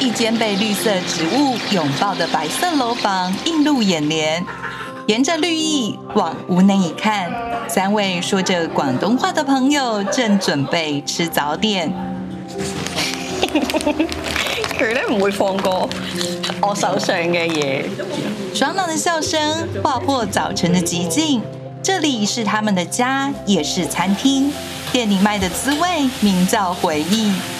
一間被綠色植物擁抱的白色樓房映入眼簾，沿着綠意往屋內一看，三位說着廣東話的朋友正準備吃早點。嘿嘿嘿，佢都唔會放過我手上嘅嘢。爽朗的笑聲劃破早晨的寂靜，這裏是他們的家，也是餐廳。店裏賣的滋味，名叫回憶。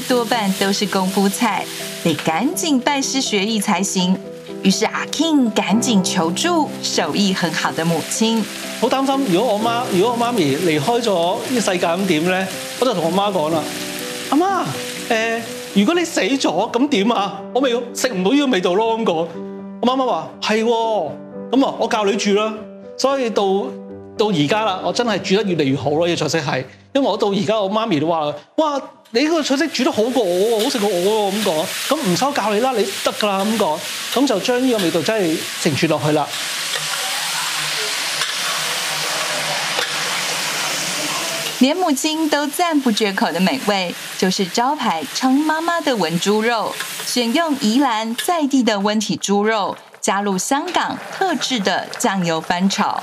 多半都是功夫菜，得趕緊拜師學藝才行。於是阿 King 趕緊求助手藝很好的母親。好擔心，如果我媽，如果我媽咪離開咗呢個世界，咁點咧？我就同我媽講啦，阿媽，誒、呃，如果你死咗，咁點啊？我咪要食唔到呢個味道咯。咁講，我媽媽話係，咁啊、哦，我教你煮啦。所以到到而家啦，我真係煮得越嚟越好咯！呢個菜式係，因為我到而家我媽咪都話，哇，你呢個菜式煮得好過我，好食過我喎，咁講。咁唔收我教你啦，你得㗎啦，咁講。咁就將呢個味道真係承傳落去啦。連母親都讚不絕口嘅美味，就是招牌昌媽媽的炆豬肉，選用宜蘭在地的溫體豬肉，加入香港特製的醬油翻炒。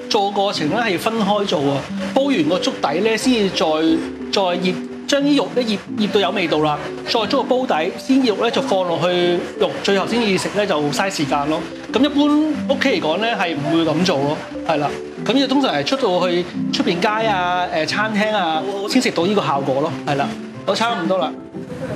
做過程咧係分開做啊。煲完個粥底咧先至再再醃，將啲肉咧醃醃到有味道啦，再將個煲底先肉咧就放落去，肉最後先至食咧就嘥時間咯。咁一般屋企嚟講咧係唔會咁做咯，係啦。咁呢個通常係出到去出面街啊、呃、餐廳啊先食到呢個效果咯，係啦。都差唔多啦。